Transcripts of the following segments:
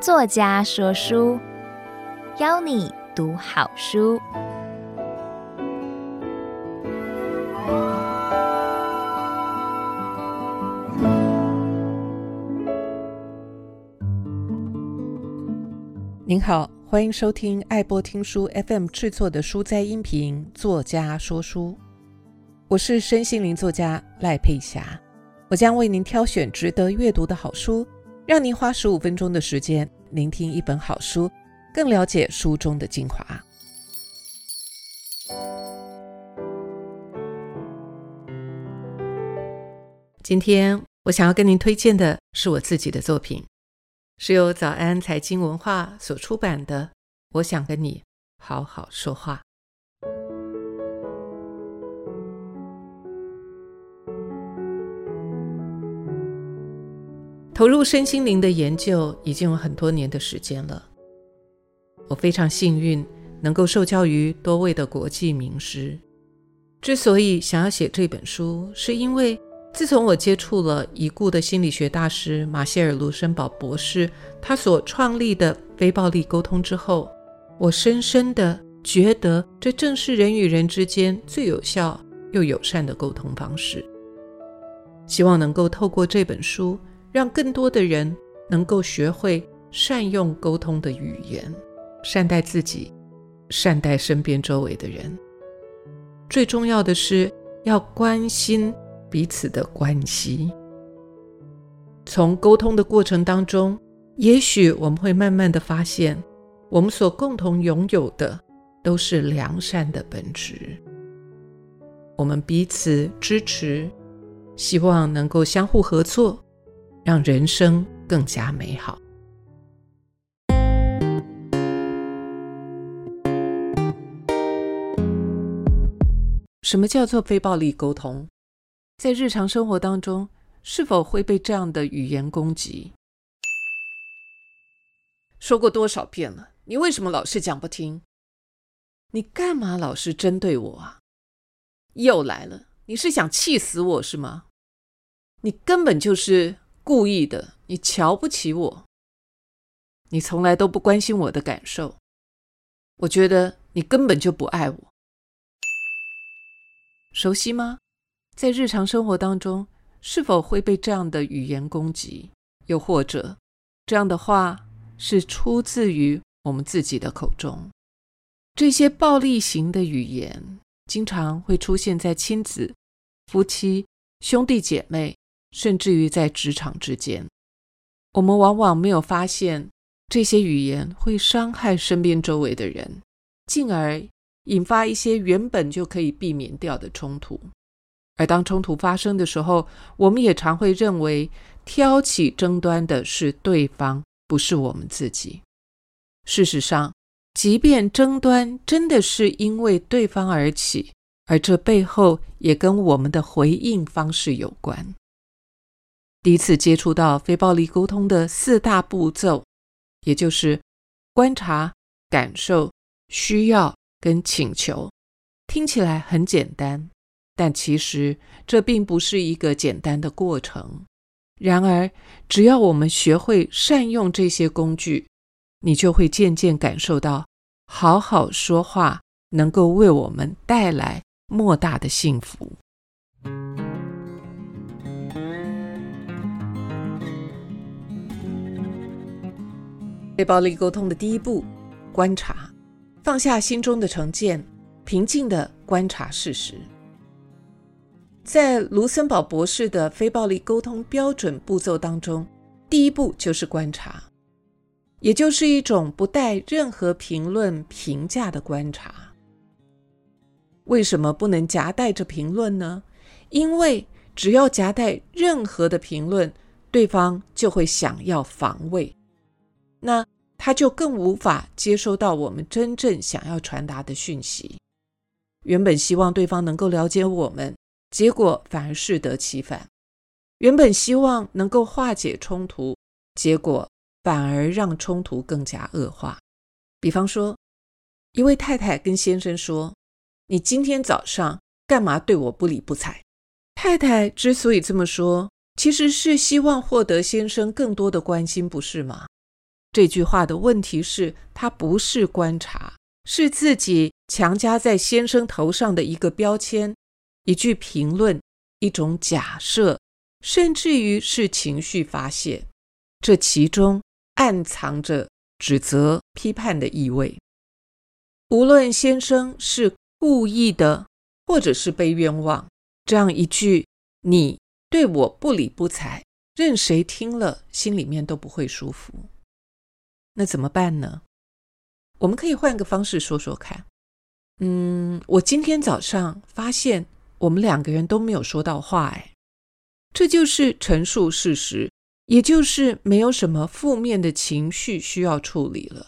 作家說書，邀你讀好書。您好，歡迎收聽愛播聽書 FM 製作的書摘音頻《作家說書》。我是身心靈作家賴佩霞，我將為您挑選值得閱讀的好書，讓您花十五分鐘的時間聆聽一本好書，更了解書中的精華。今天我想要跟您推薦的是我自己的作品，是由早安財經文化所出版的《我想跟你好好說話》。投入身心靈的研究已經有很多年的時間了。我非常幸運能夠受教於多位的國際名師。之所以想要寫這本書，是因為自從我接觸了已故的心理學大師馬歇爾·盧森堡博士，他所創立的非暴力溝通之後，我深深的覺得這正是人與人之間最有效又友善的溝通方式。希望能夠透過這本書，讓更多的人能夠學會善用溝通的語言，善待自己，善待身邊周圍的人。最重要的是要關心彼此的關係。從溝通的過程當中，也許我們會慢慢的發現，我們所共同擁有的都是良善的本質。我們彼此支持，希望能夠相互合作。讓人生更加美好。什麼叫做非暴力溝通？在日常生活當中，是否會被這樣的語言攻擊？說過多少遍了？你為什麼老是講不聽？你幹嘛老是針對我啊？又來了！你是想氣死我，是嗎？你根本就是。故意的，你瞧不起我。你從來都不關心我的感受。我覺得你根本就不愛我。熟悉嗎？在日常生活當中，是否會被這樣的語言攻擊？又或者這樣的話是出自於我們自己的口中。這些暴力型的語言經常會出現在親子、夫妻、兄弟姐妹。甚至於在職場之間，我們往往沒有發現這些語言會傷害身邊周圍的人，進而引發一些原本就可以避免掉的衝突。而當衝突發生的時候，我們也常會認為挑起爭端的是對方，不是我們自己。事實上，即便爭端真的是因為對方而起，而這背後也跟我們的回應方式有關。第一次接觸到非暴力溝通的四大步驟，也就是觀察、感受、需要跟請求，聽起來很簡單，但其實這並不是一個簡單的過程。然而，只要我們學會善用這些工具，你就會漸漸感受到，好好說話能夠為我們帶來莫大的幸福。非暴力溝通的第一步，觀察，放下心中的成見，平靜地觀察事實。在盧森堡博士的非暴力溝通標準步驟當中，第一步就是觀察，也就是一種不帶任何評論評價的觀察。為什麼不能夾帶着評論呢？因為只要夾帶任何的評論，對方就會想要防衛。那他就更無法接收到我們真正想要傳達的訊息。原本希望對方能夠了解我們，結果反而適得其反。原本希望能夠化解衝突，結果反而讓衝突更加惡化。比方說，一位太太跟先生說：“你今天早上幹嘛對我不理不睬？”太太之所以這麼說，其實是希望獲得先生更多的關心，不是嗎？這句話的問題是，它不是觀察，是自己強加在先生頭上的一個標籤，一句評論，一種假設，甚至於是情緒發洩。這其中暗藏着指責、批判的意味。無論先生是故意的，或者是被冤枉，這樣一句“你對我不理不睬”，任誰聽了，心裡面都不會舒服。那怎麼辦呢？我們可以換個方式說說看。嗯，我今天早上發現我們兩個人都沒有說到話，哎，這就是陳述事實，也就是沒有什麼負面的情緒需要處理了。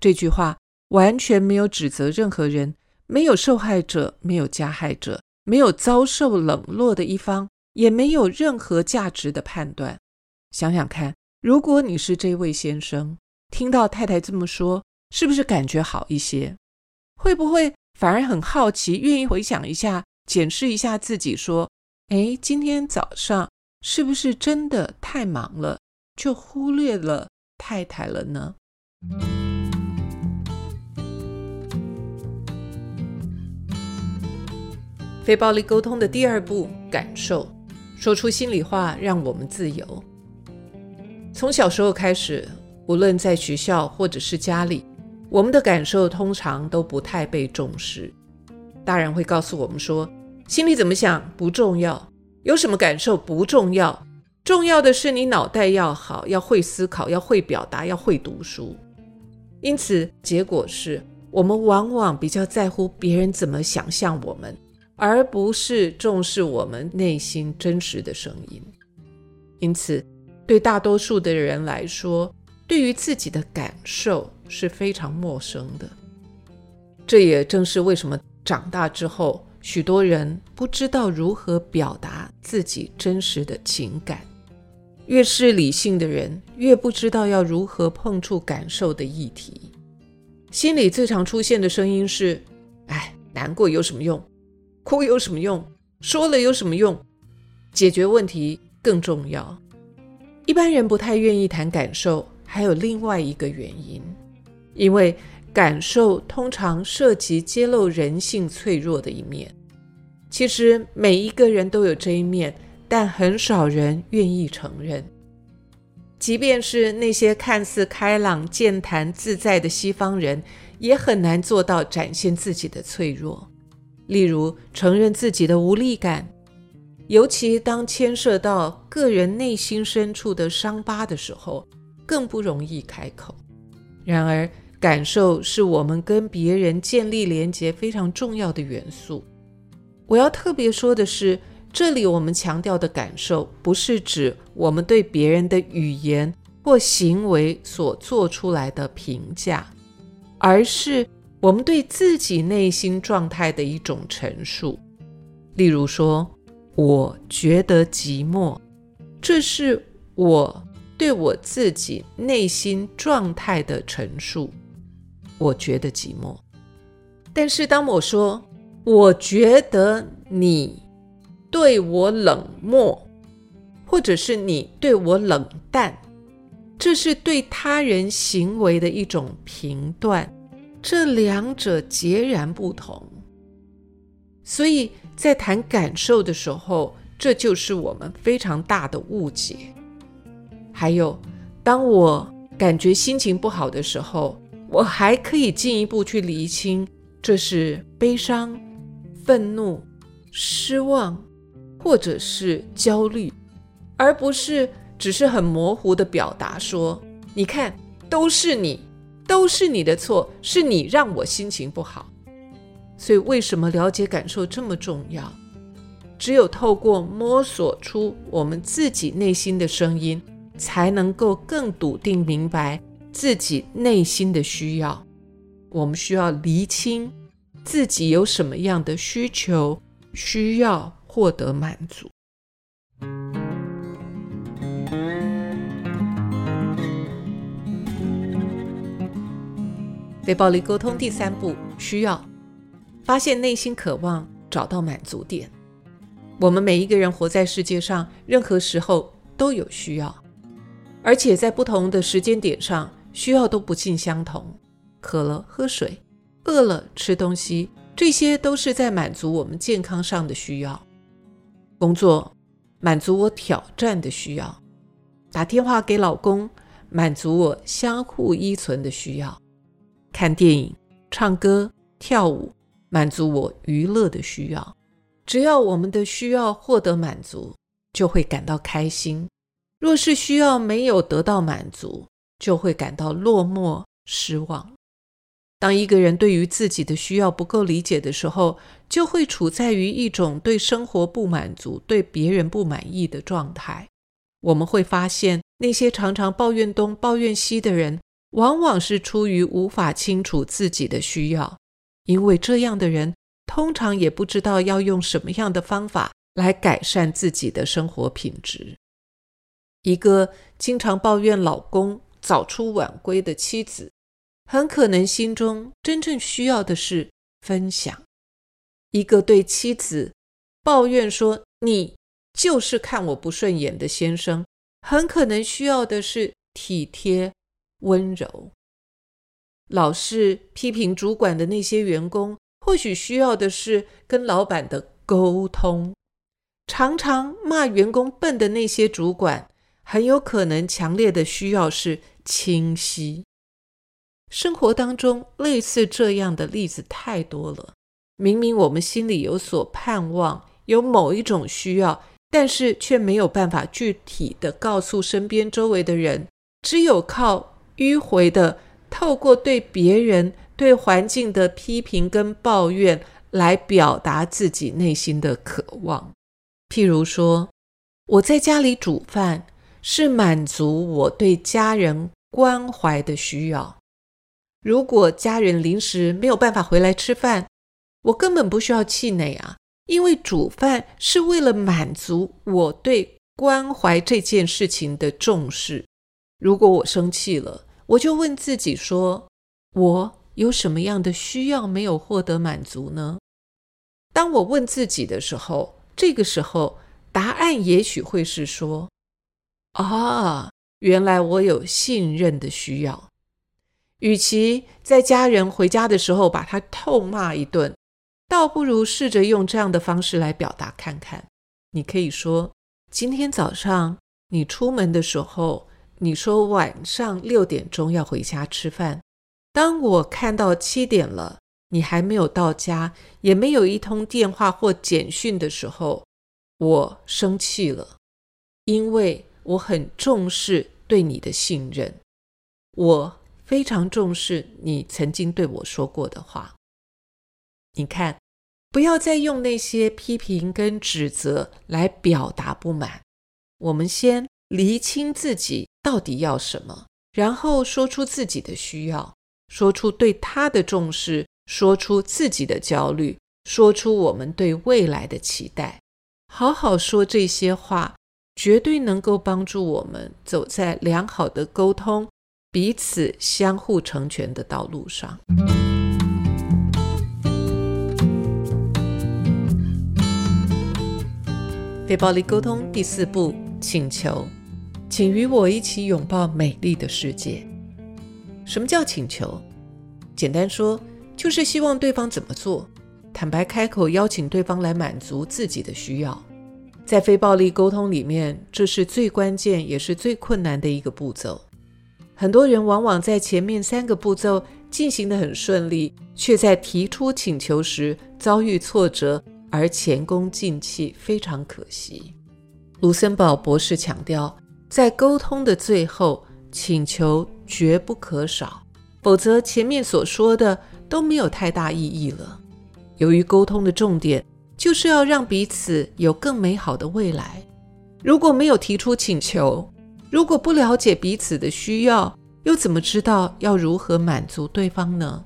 這句話完全沒有指責任何人，沒有受害者，沒有加害者，沒有遭受冷落的一方，也沒有任何價值的判斷。想想看，如果你是這位先生，聽到太太這麼說，是不是感覺好一些？會不會反而很好奇，願意回想一下，檢視一下自己？說，哎，今天早上是不是真的太忙了，就忽略了太太了呢？非暴力溝通的第二步，感受，說出心裡話，讓我們自由。從小時候開始，無論在學校或者是家裡，我們的感受通常都不太被重視。大人會告訴我們說：“心裡怎麼想不重要，有什麼感受不重要，重要的是你腦袋要好，要會思考，要會表達，要會讀書。”因此，結果是我們往往比較在乎別人怎麼想象我們，而不是重視我們內心真實的聲音。因此，對大多數的人來說，對於自己的感受是非常陌生的，這也正是為什麼長大之後，許多人不知道如何表達自己真實的情感。越是理性的人，越不知道要如何碰觸感受的議題。心裡最常出現的聲音是：“哎，難過有什麼用？哭有什麼用？說了有什麼用？解決問題更重要。”一般人不太願意談感受。還有另外一個原因，因為感受通常涉及揭露人性脆弱的一面。其實每一個人都有這一面，但很少人願意承認。即便是那些看似開朗、健談、自在的西方人，也很難做到展現自己的脆弱。例如，承認自己的無力感，尤其當牽涉到個人內心深處的傷疤的時候，更不容易開口。然而，感受是我們跟別人建立連接非常重要的元素。我要特別說的是，這裡我們強調的感受，不是指我們對別人的語言或行為所做出來的評價，而是我們對自己內心狀態的一種陳述。例如說，我覺得寂寞，這是我。對我自己內心狀態的陳述，我覺得寂寞。但是當我說我覺得你對我冷漠，或者是你對我冷淡，這是對他人行為的一種評斷，這兩者截然不同。所以在談感受的時候，這就是我們非常大的誤解。還有，當我感覺心情不好的時候，我還可以進一步去釐清這是悲傷、憤怒、失望，或者是焦慮，而不是只是很模糊的表達說：“你看，都是你，都是你的錯，是你讓我心情不好。”所以，為什麼了解感受這麼重要？只有透過摸索出我們自己內心的聲音。才能夠更篤定明白自己內心的需要。我們需要釐清自己有什麼樣的需求，需要獲得滿足。非暴力溝通第三步，需要發現內心渴望，找到滿足點。我們每一個人活在世界上，任何時候都有需要。而且在不同的時間點上，需要都不盡相同。渴了喝水，餓了吃東西，這些都是在滿足我們健康上的需要。工作滿足我挑戰的需要，打電話給老公滿足我相互依存的需要，看電影、唱歌、跳舞滿足我娛樂的需要。只要我們的需要獲得滿足，就會感到開心。若是需要沒有得到滿足，就會感到落寞、失望。當一個人對於自己的需要不夠理解的時候，就會處在於一種對生活不滿足、對別人不滿意的狀態。我們會發現，那些常常抱怨東、抱怨西的人，往往是出於無法清楚自己的需要，因為這樣的人通常也不知道要用什麼樣的方法來改善自己的生活品質。一個經常抱怨老公早出晚歸的妻子，很可能心中真正需要的是分享；一個對妻子抱怨說“你就是看我不順眼”的先生，很可能需要的是體貼溫柔；老是批評主管的那些員工，或許需要的是跟老闆的溝通；常常罵員工笨的那些主管，很有可能強烈的需要是清晰。生活當中類似這樣的例子太多了。明明我們心裡有所盼望，有某一種需要，但是卻沒有辦法具體的告訴身邊周圍的人。只有靠迂回的，透過對別人、對環境的批評跟抱怨來表達自己內心的渴望。譬如說，我在家裡煮飯。是滿足我對家人關懷的需要。如果家人臨時沒有辦法回來吃飯，我根本不需要氣餒啊，因為煮飯是為了滿足我對關懷這件事情的重視。如果我生氣了，我就問自己說，我有什麼樣的需要沒有獲得滿足呢？當我問自己的時候，這個時候答案也許會是說，啊，原來我有信任的需要。與其在家人回家的時候把他痛罵一頓，倒不如試着用這樣的方式來表達看看。你可以說：“今天早上你出門的時候，你說晚上六點鐘要回家吃飯。當我看到七點了，你還沒有到家，也沒有一通電話或簡訊的時候，我生氣了，因為……”我很重視對你的信任，我非常重視你曾經對我說過的話。你看，不要再用那些批評跟指責來表達不滿。我們先釐清自己到底要什麼，然後說出自己的需要，說出對他的重視，說出自己的焦慮，說出我們對未來的期待。好好說這些話。絕對能夠幫助我們走在良好的溝通、彼此相互成全的道路上。非暴力溝通第四步：請求，請與我一起擁抱美麗的世界。什麼叫請求？簡單說，就是希望對方怎麼做，坦白開口邀請對方來滿足自己的需要。在非暴力溝通裡面，這是最關鍵也是最困難的一個步驟。很多人往往在前面三個步驟進行得很順利，却在提出請求時遭遇挫折而前功盡棄，非常可惜。盧森堡博士強調，在溝通的最後，請求絕不可少，否則前面所說的都沒有太大意義了。由於溝通的重點，就是要讓彼此有更美好的未來。如果沒有提出請求，如果不了解彼此的需要，又怎麼知道要如何滿足對方呢？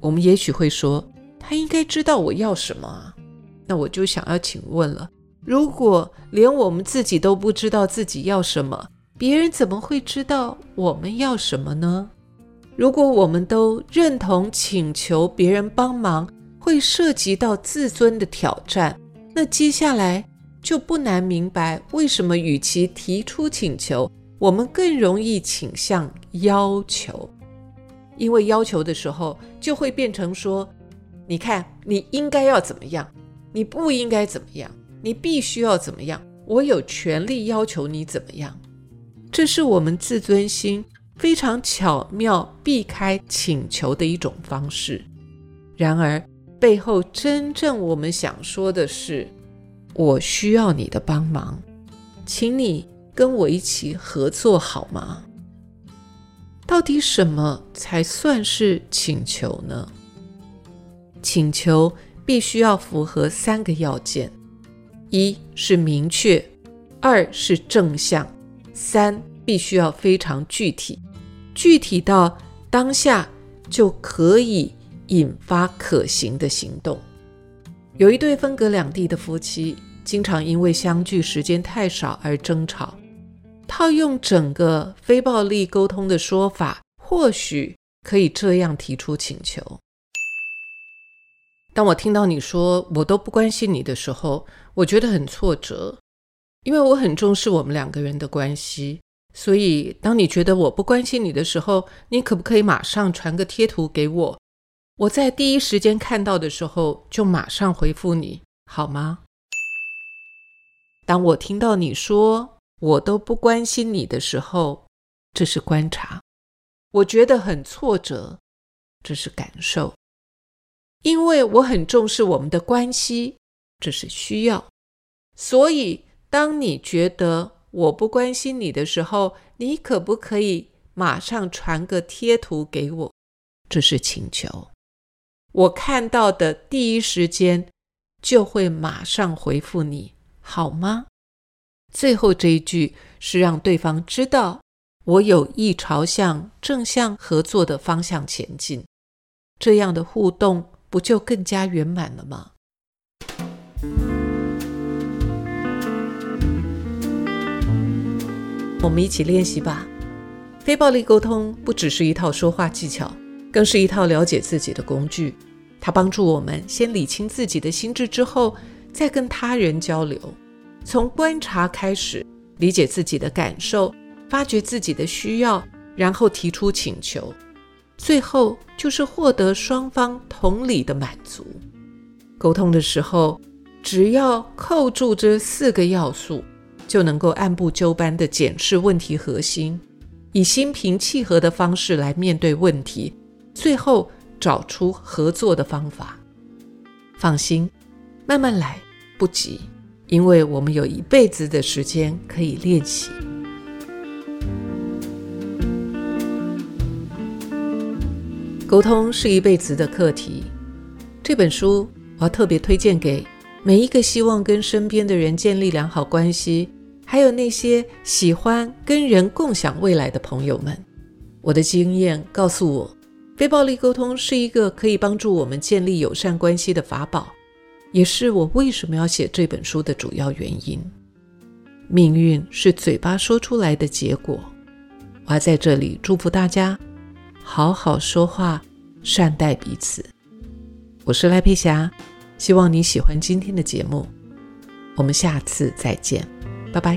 我們也許會說：“他應該知道我要什麼啊。”那我就想要請問了：如果連我們自己都不知道自己要什麼，別人怎麼會知道我們要什麼呢？如果我們都認同請求別人幫忙，會涉及到自尊的挑戰，那接下來就不難明白為什麼與其提出請求，我們更容易傾向要求。因為要求的時候就會變成說，你看你應該要怎麼樣，你不應該怎麼樣，你必須要怎麼樣，我有權利要求你怎麼樣。這是我們自尊心非常巧妙避開請求的一種方式。然而，背後真正我們想說的是，我需要你的幫忙，請你跟我一起合作好嗎？到底什麼才算是請求呢？請求必須要符合三個要件：一是明確，二是正向，三必須要非常具體，具體到當下就可以。引發可行的行動。有一對分隔兩地的夫妻，經常因為相聚時間太少而爭吵。套用整個非暴力溝通的說法，或許可以這樣提出請求：當我聽到你說“我都不關心你”的時候，我覺得很挫折，因為我很重視我們兩個人的關係。所以，當你覺得我不關心你的時候，你可不可以馬上傳個貼圖給我？我在第一時間看到的時候，就馬上回復你好嗎？當我聽到你說我都不關心你的時候，這是觀察。我覺得很挫折，這是感受。因為我很重視我們的關係，這是需要。所以，當你覺得我不關心你的時候，你可不可以馬上傳個貼圖給我？這是請求。我看到的第一時間就會馬上回復你，你好嗎？最後這一句是讓對方知道我有意朝向正向合作的方向前進，這樣的互動不就更加圓滿了嗎？我們一起練習吧。非暴力溝通不只是一套說話技巧，更是一套了解自己的工具。它幫助我們先理清自己的心智，之後再跟他人交流。從觀察開始，理解自己的感受，發掘自己的需要，然後提出請求，最後就是獲得雙方同理的滿足。溝通的時候，只要扣住這四個要素，就能夠按部就班地檢視問題核心，以心平氣和的方式來面對問題，最後，找出合作的方法，放心，慢慢來，不急，因為我們有一輩子的時間可以練習。溝通是一輩子的課題。這本書我要特別推薦給每一個希望跟身邊的人建立良好關係，還有那些喜歡跟人共享未來的朋友們。我的經驗告訴我。非暴力溝通是一個可以幫助我們建立友善關係的法寶，也是我為什麼要寫這本書的主要原因。命運是嘴巴說出來的結果。我要在這裡祝福大家，好好說話，善待彼此。我是賴佩霞，希望你喜歡今天的節目。我們下次再見，拜拜。